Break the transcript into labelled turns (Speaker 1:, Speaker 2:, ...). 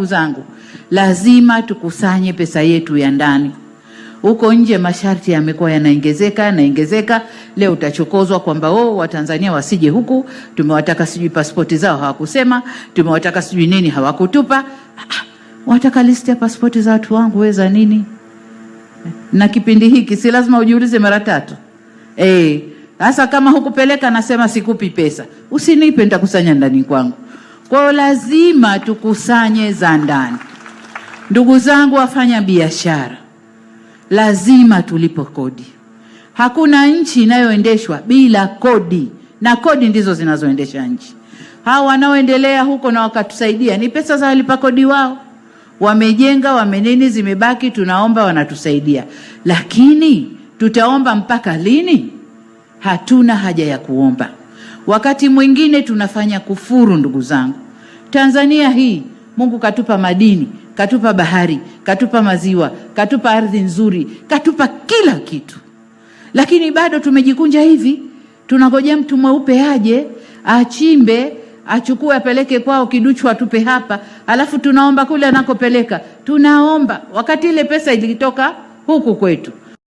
Speaker 1: ndugu zangu, lazima tukusanye pesa yetu ya ndani. Huko nje masharti yamekuwa yanaongezeka yanaongezeka. Leo utachokozwa kwamba oh, Watanzania wasije huku, tumewataka sijui pasipoti zao hawakusema, tumewataka sijui nini hawakutupa. Ah, ah wataka list ya pasipoti za watu wangu weza nini? Na kipindi hiki si lazima ujiulize mara tatu eh, hasa kama hukupeleka, nasema sikupi pesa, usinipe, nitakusanya ndani kwangu. Kwa lazima tukusanye za ndani. Ndugu zangu wafanya biashara, lazima tulipo kodi. Hakuna nchi inayoendeshwa bila kodi, na kodi ndizo zinazoendesha nchi. Hawa wanaoendelea huko na wakatusaidia ni pesa za walipa kodi wao, wamejenga wamenini, zimebaki tunaomba, wanatusaidia. Lakini tutaomba mpaka lini? Hatuna haja ya kuomba. Wakati mwingine tunafanya kufuru, ndugu zangu. Tanzania hii Mungu katupa madini, katupa bahari, katupa maziwa, katupa ardhi nzuri, katupa kila kitu, lakini bado tumejikunja hivi, tunangojea mtu mweupe aje achimbe achukue apeleke kwao, kiduchu atupe hapa, alafu tunaomba kule anakopeleka. Tunaomba wakati ile pesa ilitoka huku kwetu.